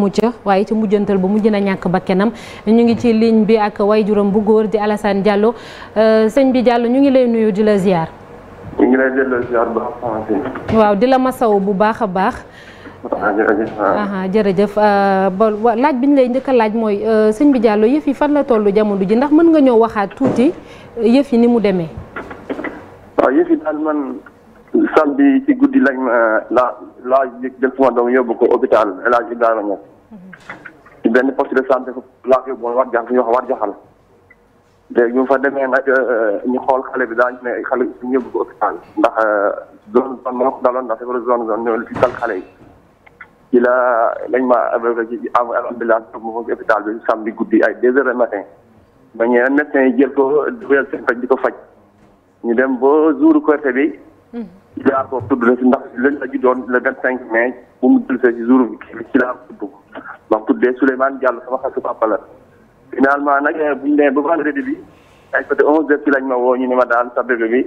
mucc waaye ci mujjantal ba mujj na ñàkk bakkanam ñu ngi ci ligne bi ak way juróom bu góor di Alassane Diallo euh, sëñ bi Diallo ñu ngi lay nuyu di la ziar. ñu ngi di la ma saw bu baax a baax. Ah, jërëjëf euh, ba laaj bi ñu lay njëkk laaj mooy euh, sëñ bi Diallo yëf yi fan la tollu jamono ji ndax mën nga ñëw waxaat tuuti yëf yi ni mu demee. waaw yëf daal man sàmm bi ci guddi lañ ma laa jël sama doom yóbbu ko hôpital El Hadj Ibrahima Niass ci benn poste de santé laa ko yóbbu war jax suñu wax war jaxal léegi ñu fa demee nag euh, euh, ñu xool xale bi daal ne xale suñu yóbbu ko hôpital ndax euh, zone zone moo ko daloon ndax feebar zone zone ñëw ci dal la ma avec ci am ambulance ma fa ci hôpital bi samedi guddi ay deux heures du matin ba ñeneen yi jël ko dugal seen faj di ko faj ñu dem ba jour Korité bi jaar ko tudd na si ndax lañ la juddoon le vingt cinq mai bu mu dul see si jour bi ci laa tudd ndax tuddee Souleymane Diallo sama xarit papa la eh, lañ ma woo ñu ne ma daal sa bébé bi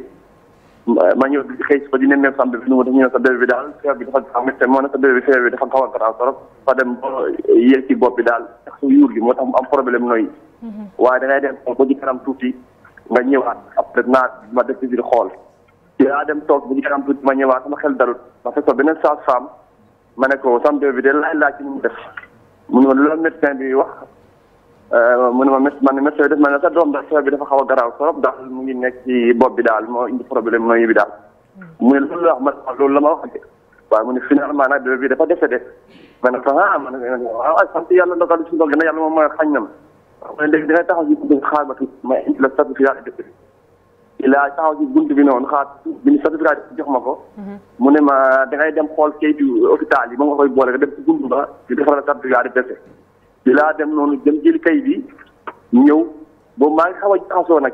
ma ñëw di xëy si ba di nemmee sa bébé bi daal feebar bi dafa xam ne moo ne sa bébé bi feebar bi dafa xaw a garaaw trop fa dem ba ci bopp bi daal ak su yuur gi moo tax mu am problème noyyi mhm. waaye da ngay dem ba ci kanam tuuti nga ñëwaat après naa ma def ci biir xool dinaa dem toog bu ñu ma ñëwaat sama xel darut ma fekk ko beneen sage femme ma ne ko sama doom bi de laaj laaj ci ñu def mu ne ma loolu euh, ma man def ma sa doom daal feebar bi dafa xaw a garaaw mu nekk ci bopp bi daal moo indi problème nooyi bi daal hmm. ne loolu la wax ma loolu la ma wax waaye mu ne finalement nag bébé bi dafa décédé ma ne ko ah ma ne waaw sant yàlla ndogal suñu na yàlla moom mooy xañ na ma léegi xaar ma tuuti ma indi la certificat de décès ci laa taxaw ci bunt bi noonu xaar bi ñu certificat jox ma ko. Mhm. mu ne ma dangay dem xool kayitu hôpital yi ba nga koy boole dem ci bunt ba di defal la certificat de décès. ci laa dem noonu dem jël kayit bi ñëw boobu maa ngi xaw a nag.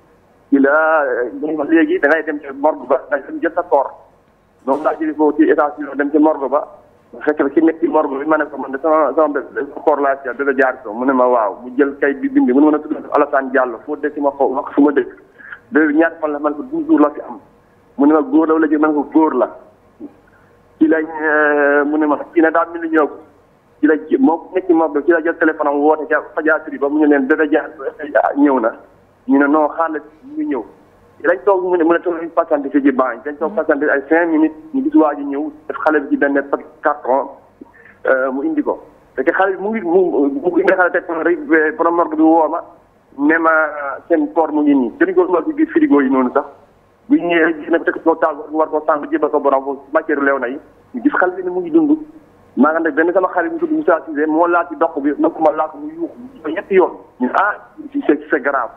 ci la ñu wax léegi da ngay dem ci morgue ba da dem jël sa koor donc daa jëli foofu ci état civil dem ci morgue ba fekk ci nekk ci morgue bi ma ne ko man de sama sama koor laa ci dala jaar so mu ne ma waaw mu jël kayit bi bind mu ne ma tudd Alassane Diallo foo dëkk ma ko wax fu ma dëkk de ñaari fan la man ko douze jours la fi am mu ne ma góor la wala jël man ko góor la ci lañ euh, mu ne ma ci ne daa mel ni ñëw ci la moo nekk ci morgue bi ci la jël téléphone am woote ca fajaatri ba mu ne leen dala jaar ñëw na ñu ne non xaar na ñu ñëw dañ toog mu ne mu ne toog nañu patiente fii ci banque dañ toog patiente ay cinq minutes ñu gis waa ji ñëw def xale bi ci benn paquet carton euh, mu indi ko fekk xale bi mu ngi mu ngi nga xale teg rek euh, borom morgue bi woo ma ne ma seen corps mu ngi nii dañu ko dugal ci biir frigo yi noonu sax bu ñu ñëwee gis na ko teg ko taal war ko sànq jébal ko borom matière leew na yi ñu gis xale bi ne mu ngi dund maa ngi nag benn sama xarit bu tudd Moussa Cissé moo laal ci dox bi nag ma laal ko mu yuux ñetti yoon ñu ah c'est c'est grave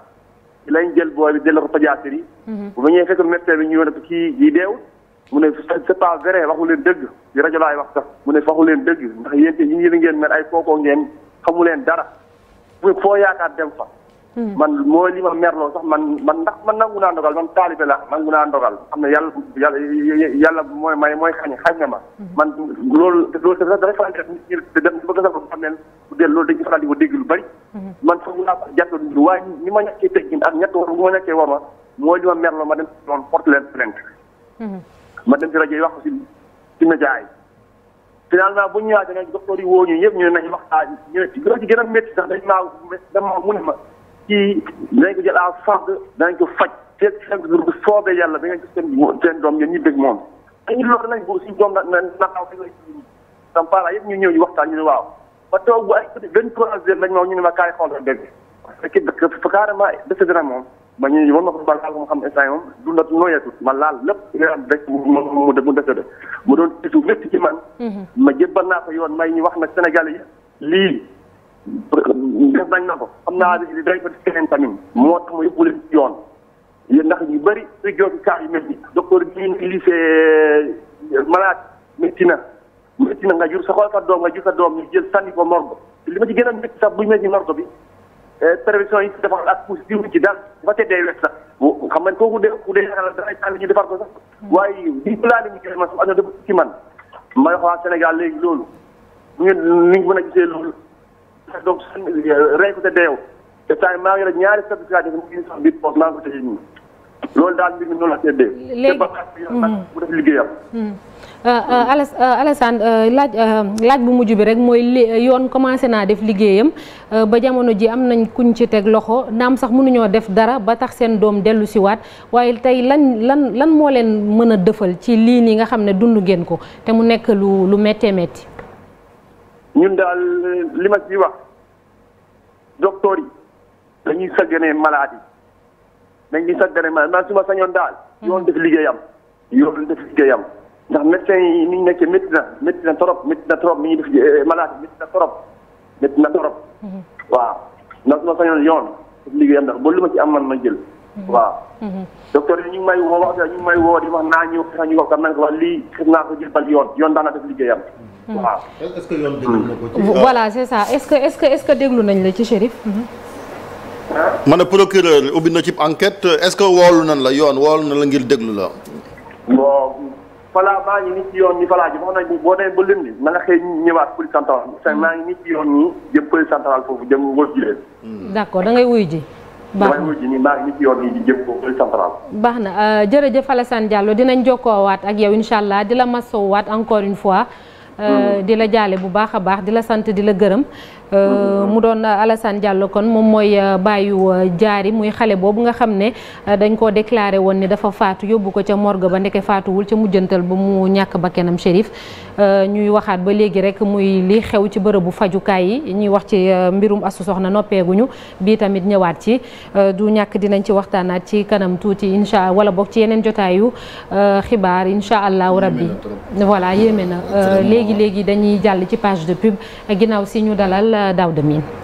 lañ jël booy jël delloo ko pédiatre yi. Mhm. bu ma ñëwee fekk médecin bi ñu wane ko kii yi deew mu ne c'est pas vrai waxu leen dëgg di rajo laay wax sax mu ne waxu leen dëgg ndax yéen it yéen ngeen mel ay kookoo ngeen xamu leen dara foo yaakaar dem fa. Hmm. man moo li ma merloo sax man man ndax man nangu naa ndogal man taalibe la nangu naa ndogal xam ne yàlla yàlla yàlla mooy may mooy xañ xañ na ma hmm. man loolu loolu sa dafay faral def nit ñi te dem bëgg sax xam ne bu dee loolu dañuy faral dégg lu bari hmm. man foog naa ko jàpp du waaye ma ñàkkee teggin ak ñett war bu ma ma mooy li ma merloo ma dem loon porte ma dem ci rajo yi wax ko si ci média yi finalement bu ñu ñëwaatee nag docteur yi woo ñu yëpp ñu ne nañu waxtaan ñu ne ci gën a métti sax dañ maa dañ maa mu ne ma kii dinañ ko jël à fard danañ ko faj teeg seen bu soobee yàlla da nga gis seen seen doom yéen ñu dégg moom dañu loolu nañ bu suñu doom na na nataaw bi sam para yëpp ñu ñëw ñu waxtaan ñu ne waaw ba toog bu ay vingt-trois heures lañ moom ñu ne ma kaay xool rek dégg fekk dëkk carrément dese dina moom ma ñu war ma ko ba laal moom xam instant moom du nat nooyeetu ma laal lépp léam rek mu mu dese de mu doon tiitu métti ci man mhm. ma jébbal naa ko yoon may ñu wax nag Sénégalais yi lii def nañ na ko xam naa ne day fa keneen tamit moo tax ma yóbbu leen ci yoon yéen ñu yu métti docteur bii ni lycée euh, malade métti na métti jur sa doom nga jur doom ñu jël sànni ko morgue a métti sax buñ métti morgue bi euh, prévision yi defar ak pousse ci daal dafa teddee wet sax xam kooku de ku ñu defar ko sax waaye di laa man may xool Sénégal léegi loolu ñu ni mën a gisee loolu donc rey ko te deew te saa daal mbir mi noonu la seddee. léegi bu hmm. def liggéeyam. Hmm. Euh, euh, euh, Alassane laaj laaj bu mujj bi rek mooy yoon commencé naa def liggéeyam ba jamono ji am nañ kuñ ci teg loxo naam sax mënuñoo def dara ba tax seen doom dellu waat waaye tey lan lan lan moo leen mën a dëfal ci lii nii nga xam ne dund ngeen ko te mu nekk lu lu méttee métti. ñun daal li ma ci wax. docteur yi dañuy sàgganee malade yi dañuy sàgganee malade man su ma sañoon daal. Hmm. yoon def liggéeyam. yoon def liggéeyam ndax médecin yi ni ñu nekkee métti na métti na trop métti trop mi ngi def eh, eh, malade yi métti na trop métti trop. Hmm. waaw ndax su ma sañoon yoon def liggéeyam ndax ba ci am man ma jël. Mm-hmm. waa mm-hmm. docteur yi ñu ngi may woo wax ñu ngi may woo di wax naa ñëw sax ñu wax dama ne ko lii xëy naa ko jël bal yoon yoon daan na def liggéeyam. Mm-hmm. waaw est-ce que yoon déglu na ko ci. voilà c'est ça est-ce que est-ce que est-ce que déglu nañ la ci Chérif. ma ne procureur ubbi na ci enquête est-ce woolu nañ la yoon woolu na la ngir déglu la. bon voilà maa ngi nii yoon ñi voilà ji wax nañ boo demee ba lënd na nga xëy ñëwaat police centrale. maa ngi nii yoon ñi jëm police centrale foofu jëm wër ji ji. baax na baax na euh, jërëjëf Alassane Diallo dinañ jokkoowaat ak yow incha allah di la masoowaat encore une fois. Euh, hmm. di la jaale bu baax a baax di la sant di la gërëm. Euh, mu doon euh, Alassane Diallo kon moom mooy euh, bàyyu jaari muy xale boobu nga xam ne dañ koo déclaré woon ni dafa faatu yóbbu ko ca morgo ba ndeke faatuwul ca mujjantal ba mu ñàkk bakkanam Chérif ñuy waxaat ba léegi rek muy li xew ci bërëbu fajukaay yi ñuy wax ci mbirum asu soxna noppeeguñu bii tamit ñëwaat ci du ñàkk dinañ ci waxtaanaat ci kanam tuuti incha wala boog ci yeneen jotaayu xibaar incha allahu rabbi voilà yéeme na léegi léegi dañuy jàll ci page de pub ginnaaw si ñu dalal Daouda Mine